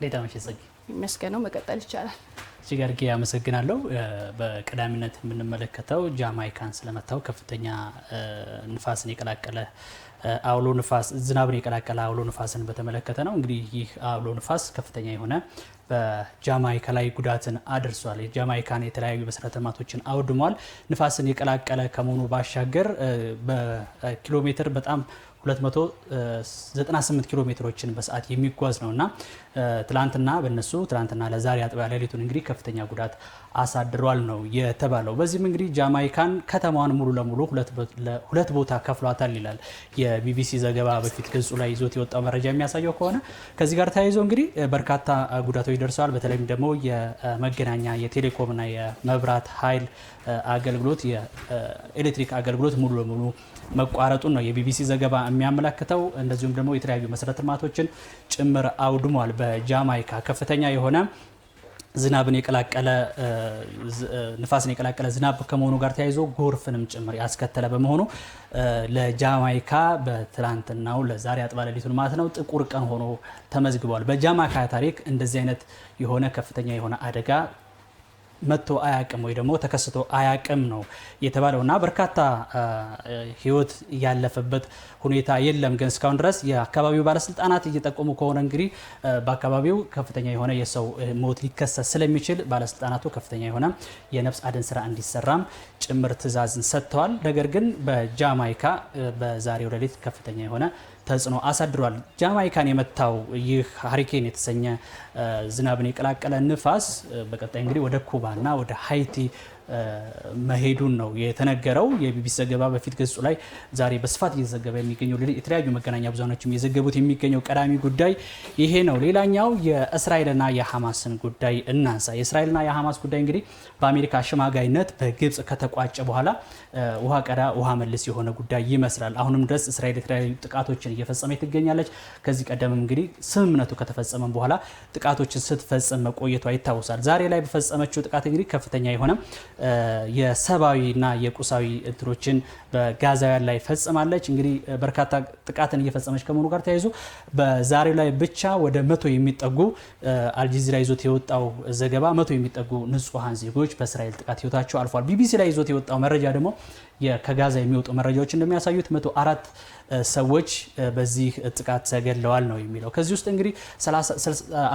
እንዴት አመሸሽ ፅጌ? ይመስገነው መቀጠል ይቻላል። እዚህ ጋር አመሰግናለሁ። በቀዳሚነት የምንመለከተው ጃማይካን ስለመታው ከፍተኛ ንፋስን የቀላቀለ አውሎ ንፋስ ዝናብን የቀላቀለ አውሎ ንፋስን በተመለከተ ነው። እንግዲህ ይህ አውሎ ንፋስ ከፍተኛ የሆነ በጃማይካ ላይ ጉዳትን አድርሷል። የጃማይካን የተለያዩ መሰረተ ልማቶችን አውድሟል። ንፋስን የቀላቀለ ከመሆኑ ባሻገር በኪሎ ሜትር በጣም 298 ኪሎ ሜትሮችን በሰዓት የሚጓዝ ነው እና ትላንትና በነሱ ትላንትና ለዛሬ አጥቢያ ሌሊቱን እንግዲህ ከፍተኛ ጉዳት አሳድሯል ነው የተባለው። በዚህም እንግዲህ ጃማይካን ከተማዋን ሙሉ ለሙሉ ሁለት ቦታ ከፍሏታል ይላል የቢቢሲ ዘገባ በፊት ገጹ ላይ ይዞት የወጣው መረጃ የሚያሳየው ከሆነ ከዚህ ጋር ተያይዞ እንግዲህ በርካታ ጉዳቶች ደርሰዋል። በተለይም ደግሞ የመገናኛ የቴሌኮምና የመብራት ኃይል አገልግሎት የኤሌክትሪክ አገልግሎት ሙሉ ለሙሉ መቋረጡን ነው የቢቢሲ ዘገባ የሚያመለክተው እንደዚሁም ደግሞ የተለያዩ መሰረተ ልማቶችን ጭምር አውድሟል። በጃማይካ ከፍተኛ የሆነ ዝናብን የቀላቀለ ንፋስን የቀላቀለ ዝናብ ከመሆኑ ጋር ተያይዞ ጎርፍንም ጭምር ያስከተለ በመሆኑ ለጃማይካ በትላንትናው ለዛሬ አጥባ ሌሊቱን ማለት ነው ጥቁር ቀን ሆኖ ተመዝግቧል። በጃማይካ ታሪክ እንደዚህ አይነት የሆነ ከፍተኛ የሆነ አደጋ መጥቶ አያቅም ወይ ደግሞ ተከስቶ አያቅም ነው የተባለው እና በርካታ ህይወት ያለፈበት ሁኔታ የለም። ግን እስካሁን ድረስ የአካባቢው ባለስልጣናት እየጠቆሙ ከሆነ እንግዲህ በአካባቢው ከፍተኛ የሆነ የሰው ሞት ሊከሰት ስለሚችል ባለስልጣናቱ ከፍተኛ የሆነ የነፍስ አድን ስራ እንዲሰራም ጭምር ትዕዛዝን ሰጥተዋል። ነገር ግን በጃማይካ በዛሬው ሌሊት ከፍተኛ የሆነ ተጽዕኖ አሳድሯል። ጃማይካን የመታው ይህ ሀሪኬን የተሰኘ ዝናብን የቀላቀለ ንፋስ በቀጣይ እንግዲህ ወደ ኩባና ወደ ሀይቲ መሄዱን ነው የተነገረው። የቢቢሲ ዘገባ በፊት ገጹ ላይ ዛሬ በስፋት እየተዘገበ የሚገኘው የተለያዩ መገናኛ ብዙሃኖችም እየዘገቡት የሚገኘው ቀዳሚ ጉዳይ ይሄ ነው። ሌላኛው የእስራኤልና የሐማስን ጉዳይ እናንሳ። የእስራኤልና የሐማስ ጉዳይ እንግዲህ በአሜሪካ አሸማጋይነት በግብጽ ከተቋጨ በኋላ ውሃ ቀዳ ውሃ መልስ የሆነ ጉዳይ ይመስላል። አሁንም ድረስ እስራኤል የተለያዩ ጥቃቶችን እየፈጸመ ትገኛለች። ከዚህ ቀደም እንግዲህ ስምምነቱ ከተፈጸመም በኋላ ጥቃቶችን ስትፈጽም መቆየቷ ይታወሳል። ዛሬ ላይ በፈጸመችው ጥቃት እንግዲህ ከፍተኛ የሆነ የሰብአዊና የቁሳዊ እንትኖችን በጋዛውያን ላይ ፈጽማለች። እንግዲህ በርካታ ጥቃትን እየፈጸመች ከመሆኑ ጋር ተያይዞ በዛሬው ላይ ብቻ ወደ መቶ የሚጠጉ አልጀዚራ ይዞት የወጣው ዘገባ መቶ የሚጠጉ ንጹሐን ዜጎች በእስራኤል ጥቃት ህይወታቸው አልፏል። ቢቢሲ ላይ ይዞት የወጣው መረጃ ደግሞ ከጋዛ የሚወጡ መረጃዎች እንደሚያሳዩት መቶ አራት ሰዎች በዚህ ጥቃት ተገድለዋል ነው የሚለው። ከዚህ ውስጥ እንግዲህ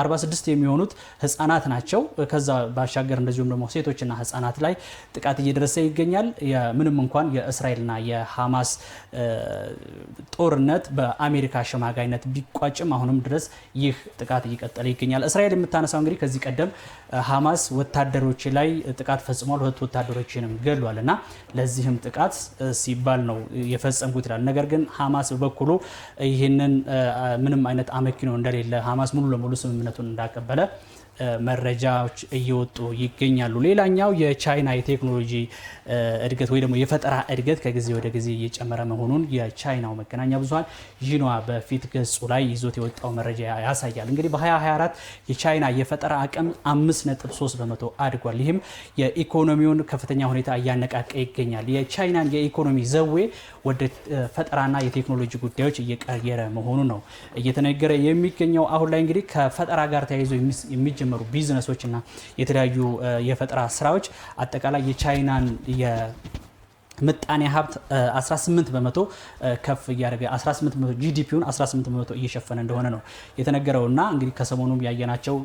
46 የሚሆኑት ህጻናት ናቸው። ከዛ ባሻገር እንደዚሁም ደግሞ ሴቶችና ህጻናት ላይ ጥቃት እየደረሰ ይገኛል። ምንም እንኳን የእስራኤል የእስራኤልና የሐማስ ጦርነት በአሜሪካ አሸማጋይነት ቢቋጭም አሁንም ድረስ ይህ ጥቃት እየቀጠለ ይገኛል። እስራኤል የምታነሳው እንግዲህ ከዚህ ቀደም ሐማስ ወታደሮች ላይ ጥቃት ፈጽሟል፣ ሁለት ወታደሮችንም ገሏል እና ለዚህም ጥቃት ሲባል ነው የፈጸምኩት ይላል። ነገር ግን ሐማስ በበኩሉ ይህንን ምንም አይነት አመኪኖ እንደሌለ ሐማስ ሙሉ ለሙሉ ስምምነቱን እንዳቀበለ መረጃዎች እየወጡ ይገኛሉ። ሌላኛው የቻይና የቴክኖሎጂ እድገት ወይ ደግሞ የፈጠራ እድገት ከጊዜ ወደ ጊዜ እየጨመረ መሆኑን የቻይናው መገናኛ ብዙኃን ዢንዋ በፊት ገጹ ላይ ይዞት የወጣው መረጃ ያሳያል። እንግዲህ በ2024 የቻይና የፈጠራ አቅም 5.3 በመቶ አድጓል። ይህም የኢኮኖሚውን ከፍተኛ ሁኔታ እያነቃቀ ይገኛል። የቻይናን የኢኮኖሚ ዘዌ ወደ ፈጠራና የቴክኖሎጂ ጉዳዮች እየቀየረ መሆኑ ነው እየተነገረ የሚገኘው። አሁን ላይ እንግዲህ ከፈጠራ ጋር ተያይዞ የሚ የተጀመሩ ቢዝነሶች እና የተለያዩ የፈጠራ ስራዎች አጠቃላይ የቻይናን ምጣኔ ሀብት 18 በመቶ ከፍ እያደረገ 18 በመቶ ጂዲፒውን 18 በመቶ እየሸፈነ እንደሆነ ነው የተነገረው እና እንግዲህ ከሰሞኑም ያየናቸው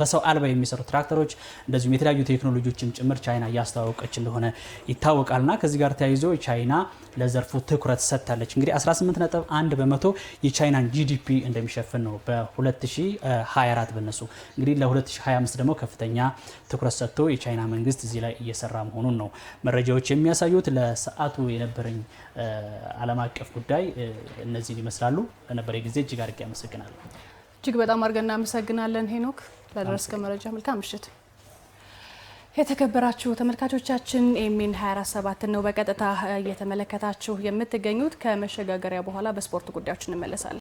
በሰው አልባ የሚሰሩ ትራክተሮች እንደዚሁም የተለያዩ ቴክኖሎጂዎችም ጭምር ቻይና እያስተዋወቀች እንደሆነ ይታወቃል። እና ከዚህ ጋር ተያይዞ ቻይና ለዘርፉ ትኩረት ሰጥታለች። እንግዲህ 18.1 በመቶ የቻይናን ጂዲፒ እንደሚሸፍን ነው በ2024 በነሱ እንግዲህ ለ2025 ደግሞ ከፍተኛ ትኩረት ሰጥቶ የቻይና መንግስት እዚህ ላይ እየሰራ መሆኑን ነው መረጃዎች የሚያሳዩት። ለሰዓቱ የነበረኝ ዓለም አቀፍ ጉዳይ እነዚህን ይመስላሉ። ለነበረ ጊዜ እጅግ አድርጌ አመሰግናለሁ። እጅግ በጣም አድርገን እናመሰግናለን ሄኖክ ለደረስከ መረጃ። መልካም ምሽት። የተከበራችሁ ተመልካቾቻችን ኤሚን 247 ነው በቀጥታ እየተመለከታችሁ የምትገኙት። ከመሸጋገሪያ በኋላ በስፖርት ጉዳዮች እንመለሳለን።